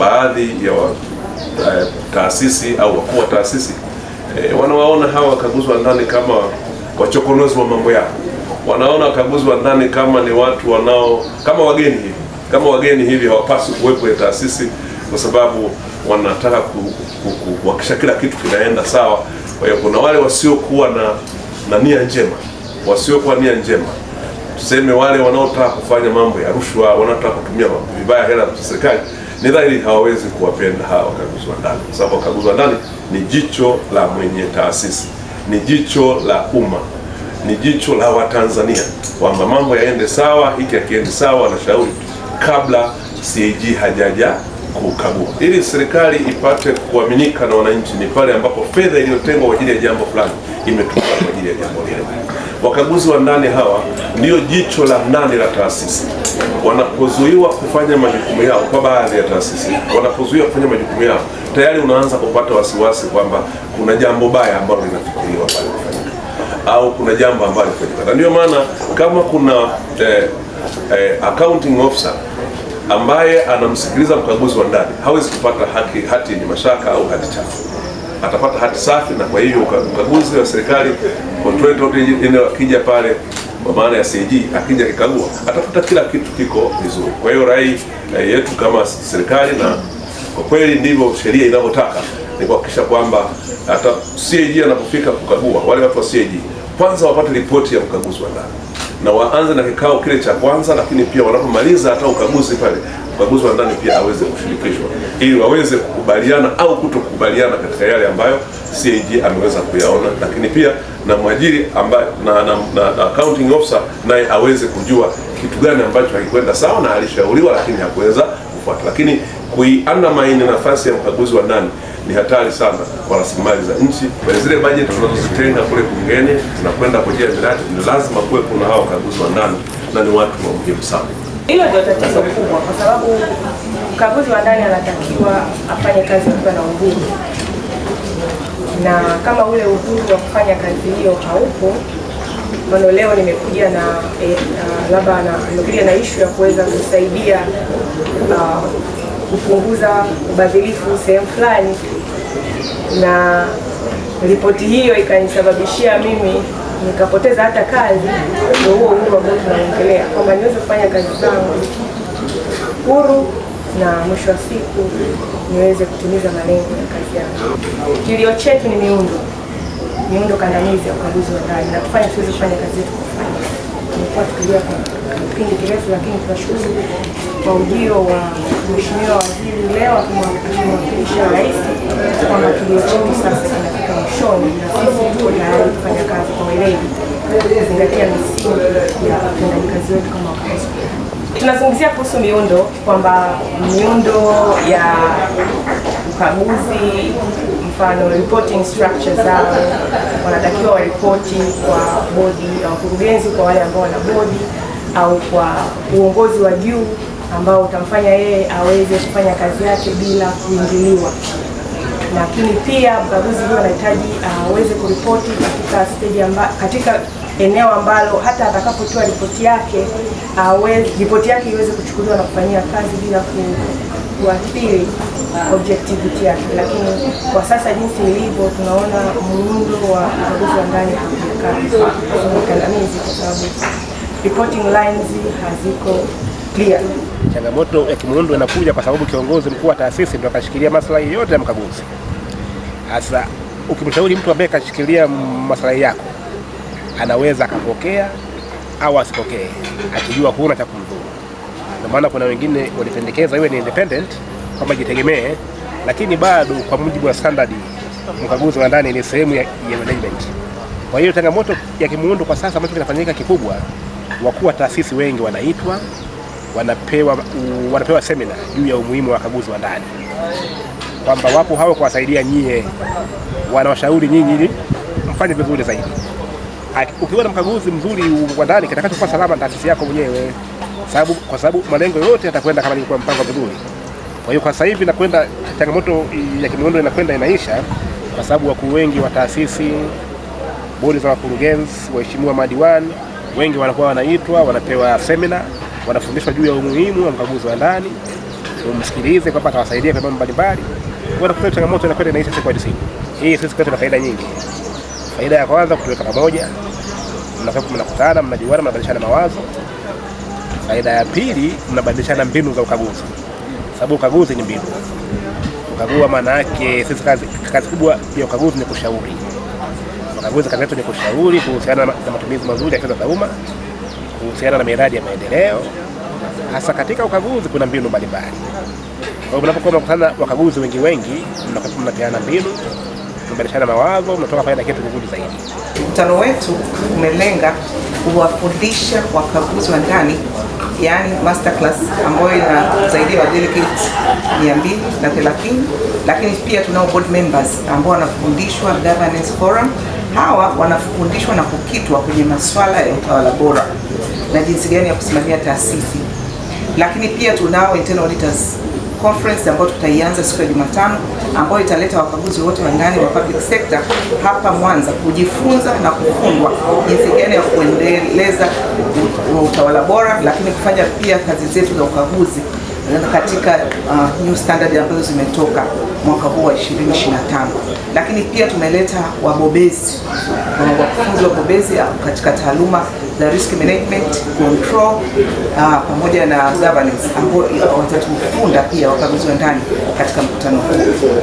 baadhi ya wa, eh, taasisi au wakuu wa taasisi e, wanawaona hawa wakaguzi wa ndani kama wachokonozi wa mambo yao, wanaona wakaguzi wa ndani kama ni watu wanao kama wageni hivi, kama wageni hivi hawapaswi kuwepo ya taasisi, kwa sababu wanataka kuhakikisha kila kitu kinaenda sawa. Kwa hiyo kuna wale wasiokuwa na, na nia njema, wasiokuwa nia njema tuseme, wale wanaotaka kufanya mambo ya rushwa, wanaotaka kutumia vibaya hela za serikali ni dhahiri hawawezi kuwapenda hawa wakaguzi wa ndani, kwa sababu wakaguzi wa ndani ni jicho la mwenye taasisi, ni jicho la umma, ni jicho la Watanzania kwamba mambo yaende sawa, hiki akiende sawa, shauri kabla CAG hajaja kukagua. Ili serikali ipate kuaminika na wananchi, ni pale ambapo fedha iliyotengwa kwa ajili ya jambo fulani imetumika kwa ajili ya jambo lile. Wakaguzi wa ndani hawa ndiyo jicho la ndani la taasisi. Wanapozuiwa kufanya majukumu yao, kwa baadhi ya taasisi wanapozuiwa kufanya majukumu yao, tayari unaanza kupata wasiwasi kwamba kuna jambo baya ambalo linafikiriwa pale au kuna jambo ambalo linafanyika, na ndiyo maana kama kuna eh, eh, accounting officer ambaye anamsikiliza mkaguzi wa ndani hawezi kupata haki, hati yenye mashaka au hati chafu atapata hati safi, na kwa hiyo ukaguzi wa serikali akija pale kwa maana ya CAG akija kikagua atakuta kila kitu kiko vizuri. Kwa hiyo rai eh, yetu kama serikali, na kwa kweli ndivyo sheria inavyotaka, ni kuhakikisha kwamba hata CAG anapofika kukagua, wale watu wa CAG kwanza wapate ripoti ya mkaguzi wa ndani na waanze na kikao kile cha kwanza, lakini pia wanapomaliza hata ukaguzi pale, ukaguzi wa ndani pia aweze kushirikishwa ili waweze kukubaliana au kutokubaliana katika yale ambayo CAG ameweza kuyaona, lakini pia na mwajiri ambaye na, na, na, na accounting officer naye aweze kujua kitu gani ambacho hakikwenda sawa na alishauriwa lakini hakuweza kufuata, lakini kuiandamaini nafasi ya ukaguzi wa ndani ni hatari sana kwa rasilimali za nchi. Kwenye zile bajeti tunazozitenga kule bungeni tunakwenda kujia miradi, ni lazima kuwe kuna hawa wakaguzi wa ndani na ni watu wa muhimu sana. Hilo ndio tatizo kubwa, kwa sababu mkaguzi wa ndani anatakiwa afanye kazi akiwa na uhuru, na kama ule uhuru wa kufanya kazi hiyo haupo Mfano leo nimekuja na eh, ah, labda na nimekuja na ishu ya kuweza kusaidia ah, kupunguza ubadhirifu sehemu fulani, na ripoti hiyo ikanisababishia mimi nikapoteza hata kazi. Ndio huo uhuru ambao tunaongelea kwamba niweze kufanya kazi zangu huru na mwisho wa siku niweze kutimiza malengo ya kazi yangu. Kilio chetu ni miundo miundo kandamizi ya ukaguzi wa ndani na tufanye tuweze kufanya kazi yetu kwa ufanisi. Tumekuwa tukilia kwa kipindi kirefu, lakini tunashukuru kwa ujio wa mheshimiwa waziri leo akimwakilisha rais kwamba kilio chetu sasa kinafika mwishoni na sisi tuko tayari kufanya kazi kwa weledi kuzingatia misingi ya utendaji kazi wetu kama wakaguzi. Tunazungumzia kuhusu miundo kwamba miundo ya ukaguzi, mfano reporting structure zao, wanatakiwa waripoti kwa bodi ya wakurugenzi, kwa wale ambao wana bodi au kwa uongozi wa juu ambao utamfanya yeye aweze kufanya kazi yake bila kuingiliwa. Lakini pia mkaguzi huyo anahitaji aweze uh, kuripoti katika stage amba, katika eneo ambalo hata atakapotoa ripoti yake uh, ripoti yake iweze kuchukuliwa na kufanyia kazi bila ku kuathiri objectivity yake, lakini kwa sasa jinsi ilivyo tunaona muundo wa uchaguzi wa ndani haukandamizi kwa sababu reporting lines haziko clear. Changamoto ya kimuundo inakuja kwa sababu kiongozi mkuu wa taasisi ndo akashikilia maslahi yote ya mkaguzi. Sasa ukimshauri mtu ambaye kashikilia maslahi yako, anaweza akapokea au asipokee, akijua huna cha kumdhuru. Ndio maana kuna wengine walipendekeza iwe ni independent kama jitegemee, lakini bado kwa mujibu wa standard mkaguzi wa ndani ni sehemu ya, ya management. Kwa hiyo changamoto ya kimuundo kwa sasa ambacho kinafanyika kikubwa, wakuu wa taasisi wengi wanaitwa wanapewa, wanapewa semina juu ya umuhimu wa wakaguzi wa ndani, kwamba wapo hao kuwasaidia nyie, wanawashauri nyinyi ili mfanye vizuri zaidi. Ukiwa na mkaguzi mzuri wa ndani, kitakachokuwa salama taasisi yako mwenyewe sababu, kwa sababu malengo yote yatakwenda kama nilikuwa mpango vizuri. Kwa hiyo kwa sasa hivi nakwenda, changamoto ya kimiundo inakwenda inaisha, kwa sababu wakuu wengi wa taasisi, bodi za wakurugenzi, waheshimiwa madiwani wengi wanakuwa wanaitwa, wanapewa semina, wanafundishwa juu ya umuhimu wa mkaguzi wa ndani, umsikilize kwamba atawasaidia kwa mambo mbalimbali. Kwa changamoto inakwenda inaisha siku hadi siku. Hii sisi kwetu na faida nyingi. Faida ya kwanza kutuweka pamoja, mnakutana, mnajuana, mnabadilishana mawazo Faida ya pili, mnabadilishana mbinu za ukaguzi, sababu ukaguzi ni mbinu. Ukagua maana yake sisi kazi, kazi kubwa ya ukaguzi ni kushauri. Ukaguzi kazi yetu ni kushauri kuhusiana na matumizi mazuri ya fedha za umma, kuhusiana na miradi ya maendeleo. Hasa katika ukaguzi kuna mbinu mbalimbali. Kwa hiyo mnapokuwa mnakutana wakaguzi wengi wengi, mnapeana mbinu kubadilishana mawazo, mnatoka faida na kitu kizuri zaidi. Mkutano wetu umelenga kuwafundisha wakaguzi wa ndani yani masterclass ambayo ina zaidi ya delegates 230, lakini pia tunao board members ambao wanafundishwa governance forum. Hawa wanafundishwa na kukitwa kwenye masuala ya utawala bora na jinsi gani ya kusimamia taasisi, lakini pia tunao internal auditors conference ambayo tutaianza siku ya Jumatano ambayo italeta wakaguzi wote wa ndani wa public sector hapa Mwanza kujifunza na kufungwa jinsi gani ya kuendeleza utawala bora, lakini kufanya pia kazi zetu za ukaguzi katika uh, new standard ambazo zimetoka mwaka huu wa 2025, lakini pia tumeleta wabobezi wakufunzi wabobezi uh, katika taaluma za risk management control, uh, pamoja na governance ambao uh, watatufunda pia wakaguzi wa ndani katika mkutano huu.